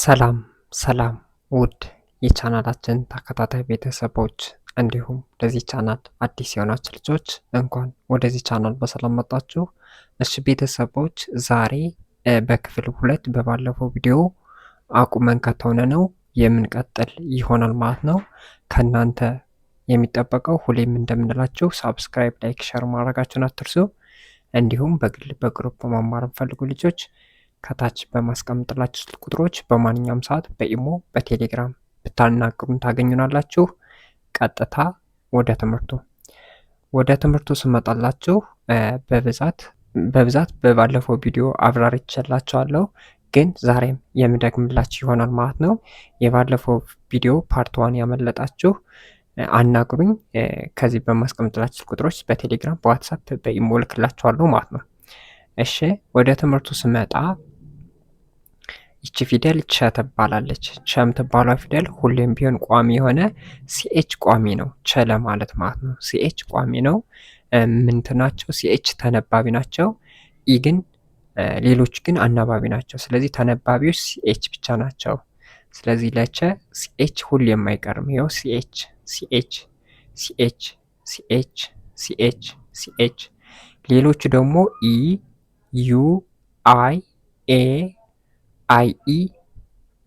ሰላም ሰላም ውድ የቻናላችን ተከታታይ ቤተሰቦች እንዲሁም ለዚህ ቻናል አዲስ የሆናችሁ ልጆች እንኳን ወደዚህ ቻናል በሰላም መጣችሁ። እሺ ቤተሰቦች ዛሬ በክፍል ሁለት በባለፈው ቪዲዮ አቁመን ከተሆነ ነው የምንቀጥል ይሆናል ማለት ነው። ከእናንተ የሚጠበቀው ሁሌም እንደምንላችሁ ሳብስክራይብ፣ ላይክ፣ ሸር ማድረጋችሁን አትርሱ። እንዲሁም በግል በግሩፕ መማር ፈልጉ ልጆች ከታች በማስቀምጥላችሁ ስልክ ቁጥሮች በማንኛውም ሰዓት በኢሞ በቴሌግራም ብታናግሩን ታገኙናላችሁ። ቀጥታ ወደ ትምህርቱ ወደ ትምህርቱ ስመጣላችሁ በብዛት በብዛት በባለፈው ቪዲዮ አብራርቼላችኋለሁ ግን ዛሬም የምደግምላችሁ ይሆናል ማለት ነው። የባለፈው ቪዲዮ ፓርትዋን ያመለጣችሁ አናግሩኝ። ከዚህ በማስቀምጥላችሁ ቁጥሮች በቴሌግራም በዋትሳፕ በኢሞ ልክላችኋለሁ ማለት ነው። እሺ ወደ ትምህርቱ ስመጣ ይቺ ፊደል ቸ ትባላለች። ቸ የምትባሏ ፊደል ሁሌም ቢሆን ቋሚ የሆነ ሲኤች ቋሚ ነው። ቸ ለማለት ማለት ነው። ሲኤች ቋሚ ነው። ምንት ናቸው? ሲኤች ተነባቢ ናቸው። ኢ ግን ሌሎች ግን አናባቢ ናቸው። ስለዚህ ተነባቢዎች ሲኤች ብቻ ናቸው። ስለዚህ ለቸ ሲኤች ሁሌም አይቀርም። ይኸው ሲኤች ሲኤች ሲኤች ሲኤች ሲኤች ሲኤች ሌሎቹ ደግሞ ኢ ዩ አይ ኤ አይ ኢ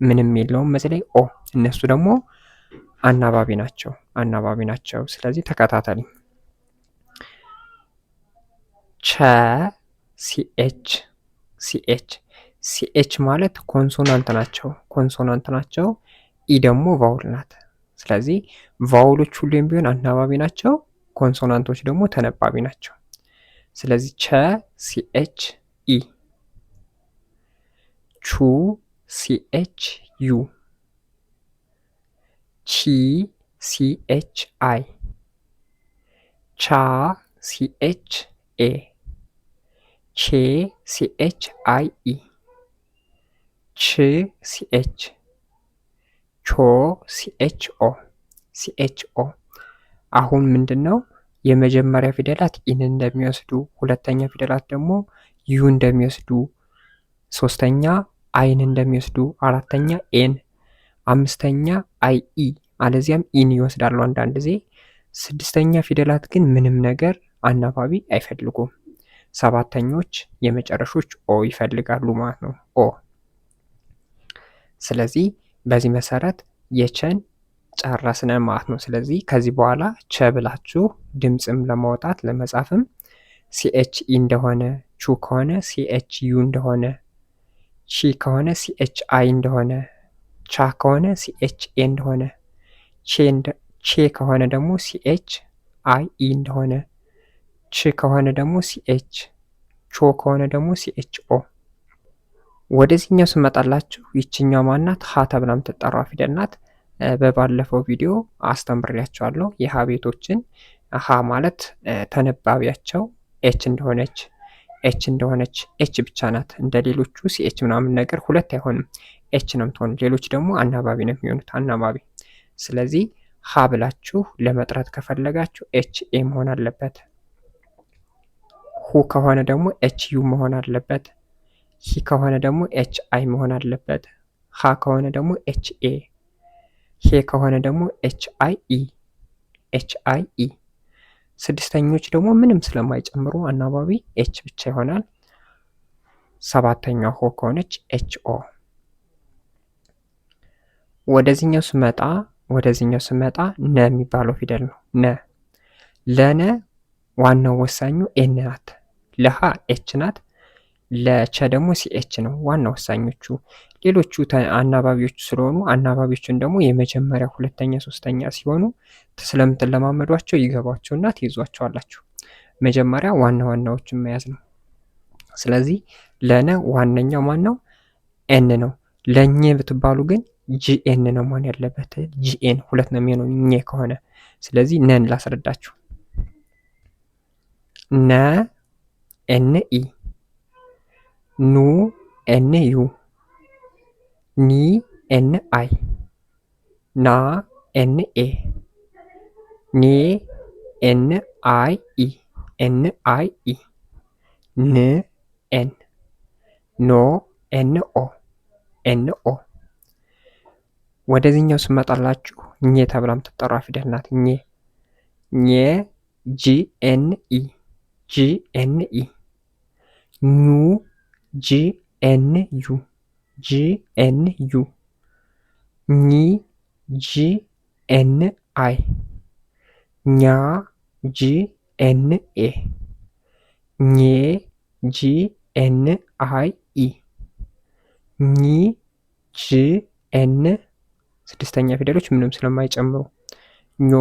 ምንም የለውም መሰለኝ ኦ እነሱ ደግሞ አናባቢ ናቸው አናባቢ ናቸው። ስለዚህ ተከታተሉ። ቸ ሲኤች ሲኤች ሲኤች ማለት ኮንሶናንት ናቸው ኮንሶናንት ናቸው። ኢ ደግሞ ቫውል ናት። ስለዚህ ቫውሎች ሁሌም ቢሆን አናባቢ ናቸው፣ ኮንሶናንቶች ደግሞ ተነባቢ ናቸው። ስለዚህ ቸ ሲኤች ኢ ቹ ሲኤች ዩ ቺ ሲኤች አይ ቻ ሲኤች ኤ ቼ ሲኤች አይ ኢ ች ሲኤች ቾ ሲኤች ኦ ሲኤች ኦ አሁን ምንድን ነው የመጀመሪያ ፊደላት ኢን እንደሚወስዱ፣ ሁለተኛ ፊደላት ደግሞ ዩ እንደሚወስዱ፣ ሶስተኛ አይን እንደሚወስዱ፣ አራተኛ ኤን፣ አምስተኛ አይ ኢ አለዚያም ኢን ይወስዳሉ አንዳንድ ጊዜ። ስድስተኛ ፊደላት ግን ምንም ነገር አናባቢ አይፈልጉም። ሰባተኞች የመጨረሾች ኦ ይፈልጋሉ ማለት ነው ኦ። ስለዚህ በዚህ መሰረት የቸን ጨረስነ ማለት ነው። ስለዚህ ከዚህ በኋላ ቸ ብላችሁ ድምፅም ለማውጣት ለመጻፍም ሲኤች ኢ እንደሆነ ቹ ከሆነ ሲኤች ዩ እንደሆነ ቺ ከሆነ ሲኤች አይ እንደሆነ፣ ቻ ከሆነ ሲኤች ኤ እንደሆነ፣ ቼ ከሆነ ደግሞ ሲኤች አይ ኢ እንደሆነ፣ ች ከሆነ ደግሞ ሲኤች፣ ቾ ከሆነ ደግሞ ሲኤች ኦ። ወደዚህኛው ስመጣላችሁ ይችኛው ማናት? ሀ ተብላ የምትጠራ ፊደል ናት። በባለፈው ቪዲዮ አስተምሬያቸዋለሁ የሀ ቤቶችን ሀ ማለት ተነባቢያቸው ኤች እንደሆነች ኤች እንደሆነች ኤች ብቻ ናት። እንደ ሌሎቹ ሲኤች ምናምን ነገር ሁለት አይሆንም፣ ኤች ነው የምትሆን። ሌሎች ደግሞ አናባቢ ነው የሚሆኑት፣ አናባቢ። ስለዚህ ሀ ብላችሁ ለመጥራት ከፈለጋችሁ ኤች ኤ መሆን አለበት። ሁ ከሆነ ደግሞ ኤች ዩ መሆን አለበት። ሂ ከሆነ ደግሞ ኤች አይ መሆን አለበት። ሀ ከሆነ ደግሞ ኤች ኤ፣ ሄ ከሆነ ደግሞ ኤች አይ ኢ ኤች አይ ኢ ስድስተኞች ደግሞ ምንም ስለማይጨምሩ አናባቢ ኤች ብቻ ይሆናል። ሰባተኛ ሆ ከሆነች ኤች ኦ። ወደዚኛው ስመጣ ወደዚኛው ስመጣ ነ የሚባለው ፊደል ነው። ነ ለነ ዋናው ወሳኙ ኤን ናት። ለሀ ኤች ናት። ለቸ ደግሞ ሲኤች ነው ዋና ወሳኞቹ። ሌሎቹ አናባቢዎቹ ስለሆኑ አናባቢዎቹን ደግሞ የመጀመሪያ፣ ሁለተኛ፣ ሶስተኛ ሲሆኑ ስለምትለማመዷቸው ይገባቸውና ትይዟቸዋላችሁ። መጀመሪያ ዋና ዋናዎችን መያዝ ነው። ስለዚህ ለነ ዋነኛው ነው? ኤን ነው። ለኘ ብትባሉ ግን ጂኤን ነው መሆን ያለበት። ጂኤን ሁለት ነው የሚሆነው ኘ ከሆነ። ስለዚህ ነን ላስረዳችሁ። ነ ኤን ኢ ኑ ኤን ዩ ኒ ኤን አይ ና ኤን ኤ ኔ ኤን አይ ኢ ኤን አይ ኢ ን ኤን ኖ ኤን ኦ ኤን ኦ ወደዚህኛው ስመጣላችሁ ኘ ተብላ የምትጠራ ፊደል ናት። ኘ ኘ ጂ ኤን ኢ ጂ ኤን ኢ ኙ ኒ ጂ ኤን አይ ኛ ጂኤንኤ ኜ ጂኤንአይኢ ኚ ጂኤን ስድስተኛ ፊደሎች ምንም ስለማይጨምሩ ኞ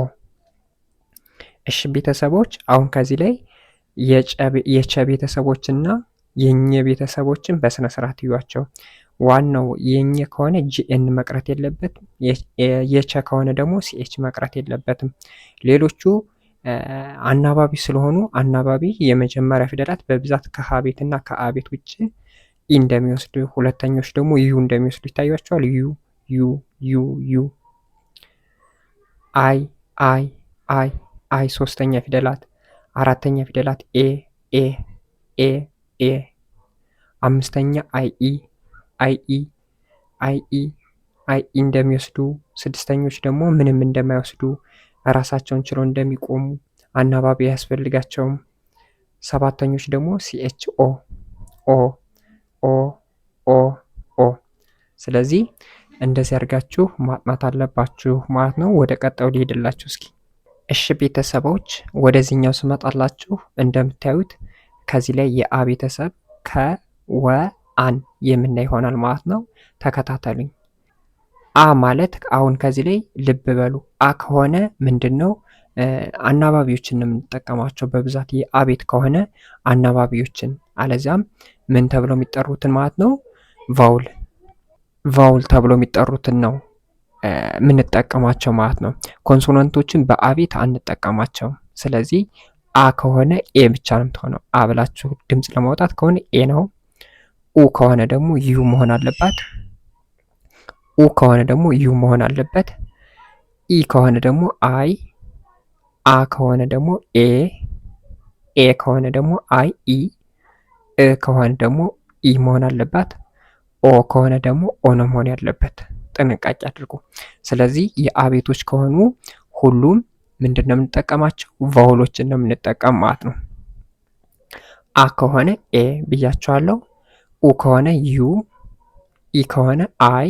ኦ። እሺ ቤተሰቦች አሁን ከዚህ ላይ የቸ ቤተሰቦችና የኘ ቤተሰቦችን በስነ ስርዓት እዩዋቸው። ዋናው የኘ ከሆነ ጂኤን መቅረት የለበትም። የቸ ከሆነ ደግሞ ሲኤች መቅረት የለበትም። ሌሎቹ አናባቢ ስለሆኑ አናባቢ የመጀመሪያ ፊደላት በብዛት ከሀ ቤትና ከአ ቤት ውጭ ኢ እንደሚወስዱ፣ ሁለተኞች ደግሞ ዩ እንደሚወስዱ ይታያቸዋል። ዩ ዩ ዩ ዩ አይ አይ አይ አይ ሶስተኛ ፊደላት አራተኛ ፊደላት ኤ ኤ ኤ ኤ አምስተኛ አይ ኢ አይ ኢ አይ ኢ አይ ኢ እንደሚወስዱ ስድስተኞች ደግሞ ምንም እንደማይወስዱ ራሳቸውን ችለው እንደሚቆሙ አናባቢ አያስፈልጋቸውም። ሰባተኞች ደግሞ ሲኤች ኦ ኦ ኦ ኦ ኦ። ስለዚህ እንደዚህ አድርጋችሁ ማጥናት አለባችሁ ማለት ነው። ወደ ቀጣዩ ሊሄድላችሁ እስኪ እሺ ቤተሰቦች ወደዚህኛው ስመጣላችሁ እንደምታዩት ከዚህ ላይ የአ ቤተሰብ ከወ የምናይ ይሆናል ማለት ነው። ተከታተሉኝ። አ ማለት አሁን ከዚህ ላይ ልብ በሉ። አ ከሆነ ምንድን ነው አናባቢዎችን ነው የምንጠቀማቸው በብዛት የአቤት ቤት ከሆነ አናባቢዎችን፣ አለዚያም ምን ተብሎ የሚጠሩትን ማለት ነው ቫውል ቫውል ተብሎ የሚጠሩትን ነው የምንጠቀማቸው ማለት ነው። ኮንሶናንቶችን በአቤት አንጠቀማቸው። ስለዚህ አ ከሆነ ኤ ብቻ ነው የምትሆነው። አ ብላችሁ ድምፅ ለማውጣት ከሆነ ኤ ነው። ኡ ከሆነ ደግሞ ዩ መሆን አለባት። ኡ ከሆነ ደግሞ ዩ መሆን አለበት። ኢ ከሆነ ደግሞ አይ፣ አ ከሆነ ደግሞ ኤ፣ ኤ ከሆነ ደግሞ አይ ኢ፣ እ ከሆነ ደግሞ ኢ መሆን አለባት። ኦ ከሆነ ደግሞ ኦ ነው መሆን ያለበት። ጥንቃቄ አድርጉ። ስለዚህ የአቤቶች ከሆኑ ሁሉም ምንድን ነው የምንጠቀማቸው? ቫውሎችን ነው የምንጠቀም ማለት ነው። አ ከሆነ ኤ ብያቸዋለሁ። ኡ ከሆነ ዩ፣ ኢ ከሆነ አይ፣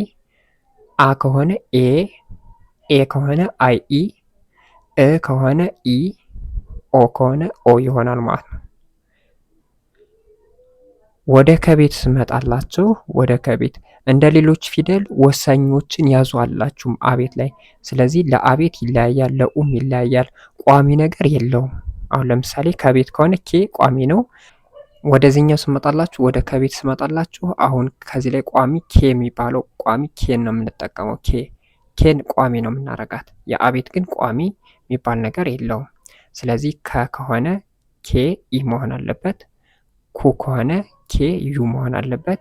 አ ከሆነ ኤ፣ ኤ ከሆነ አይ ኢ፣ እ ከሆነ ኢ፣ ኦ ከሆነ ኦ ይሆናል ማለት ነው። ወደ ከቤት ስመጣላችሁ ወደ ከቤት እንደ ሌሎች ፊደል ወሳኞችን ያዙ አላችሁም አቤት ላይ። ስለዚህ ለአቤት ይለያያል፣ ለኡም ይለያያል። ቋሚ ነገር የለውም። አሁን ለምሳሌ ከቤት ከሆነ ኬ ቋሚ ነው። ወደዚህኛው ስመጣላችሁ ወደ ከቤት ስመጣላችሁ፣ አሁን ከዚህ ላይ ቋሚ ኬ የሚባለው ቋሚ ኬን ነው የምንጠቀመው። ኬ ኬን ቋሚ ነው የምናረጋት። የአቤት ግን ቋሚ የሚባል ነገር የለውም። ስለዚህ ከ ከሆነ ኬ ኢ መሆን አለበት። ኩ ከሆነ ኬ ዩ መሆን አለበት።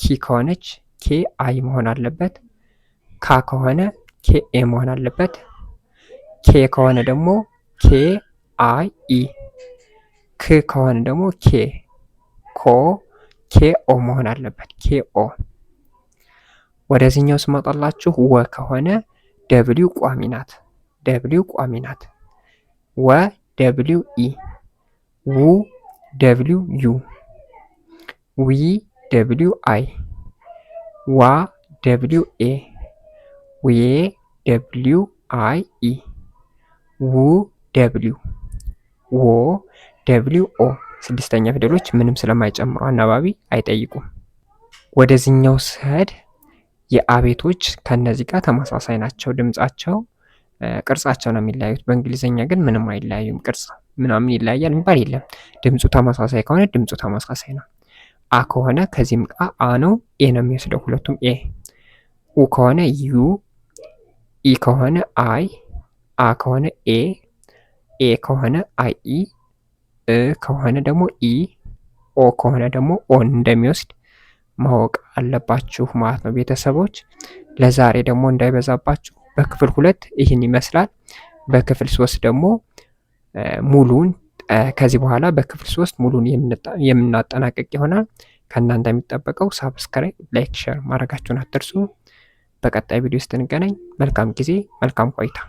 ኪ ከሆነች ኬ አይ መሆን አለበት። ካ ከሆነ ኬ ኤ መሆን አለበት። ኬ ከሆነ ደግሞ ኬ አይ ኢ። ክ ከሆነ ደግሞ ኬ ኮ ኬ ኦ መሆን አለበት። ኬ ኦ። ወደዚህኛው ስመጣላችሁ ወ ከሆነ ደብሊው ቋሚ ናት። ደብሊው ቋሚ ናት። ወ ደብሊው ኢ ው ደብሊው ዩ ዊ ደብሊው አይ ዋ ደብሊው ኤ ዌ ደብሊው አይ ኢ ው ደብሊው ዎ ደብሊው ኦ ስድስተኛ ፊደሎች ምንም ስለማይጨምሩ አናባቢ አይጠይቁም። ወደዚህኛው ስሄድ የአቤቶች ከእነዚህ ጋር ተመሳሳይ ናቸው። ድምጻቸው፣ ቅርጻቸው ነው የሚለያዩት። በእንግሊዝኛ ግን ምንም አይለያዩም። ቅርጽ ምናምን ይለያያል የሚባል የለም። ድምፁ ተመሳሳይ ከሆነ ድምፁ ተመሳሳይ ነው። አ ከሆነ ከዚህም ቃ አ ነው ኤ ነው የሚወስደው ሁለቱም ኤ። ኡ ከሆነ ዩ፣ ኢ ከሆነ አይ፣ አ ከሆነ ኤ፣ ኤ ከሆነ አይ ኢ፣ እ ከሆነ ደግሞ ኢ፣ ኦ ከሆነ ደግሞ ኦን እንደሚወስድ ማወቅ አለባችሁ ማለት ነው ቤተሰቦች። ለዛሬ ደግሞ እንዳይበዛባችሁ በክፍል ሁለት ይህን ይመስላል። በክፍል ሶስት ደግሞ ሙሉን ከዚህ በኋላ በክፍል ሶስት ሙሉን የምናጠናቀቅ ይሆናል። ከእናንተ የሚጠበቀው ሳብስክራይብ፣ ላይክ፣ ሸር ማድረጋችሁን አትርሱ። በቀጣይ ቪዲዮ ስትንገናኝ መልካም ጊዜ፣ መልካም ቆይታ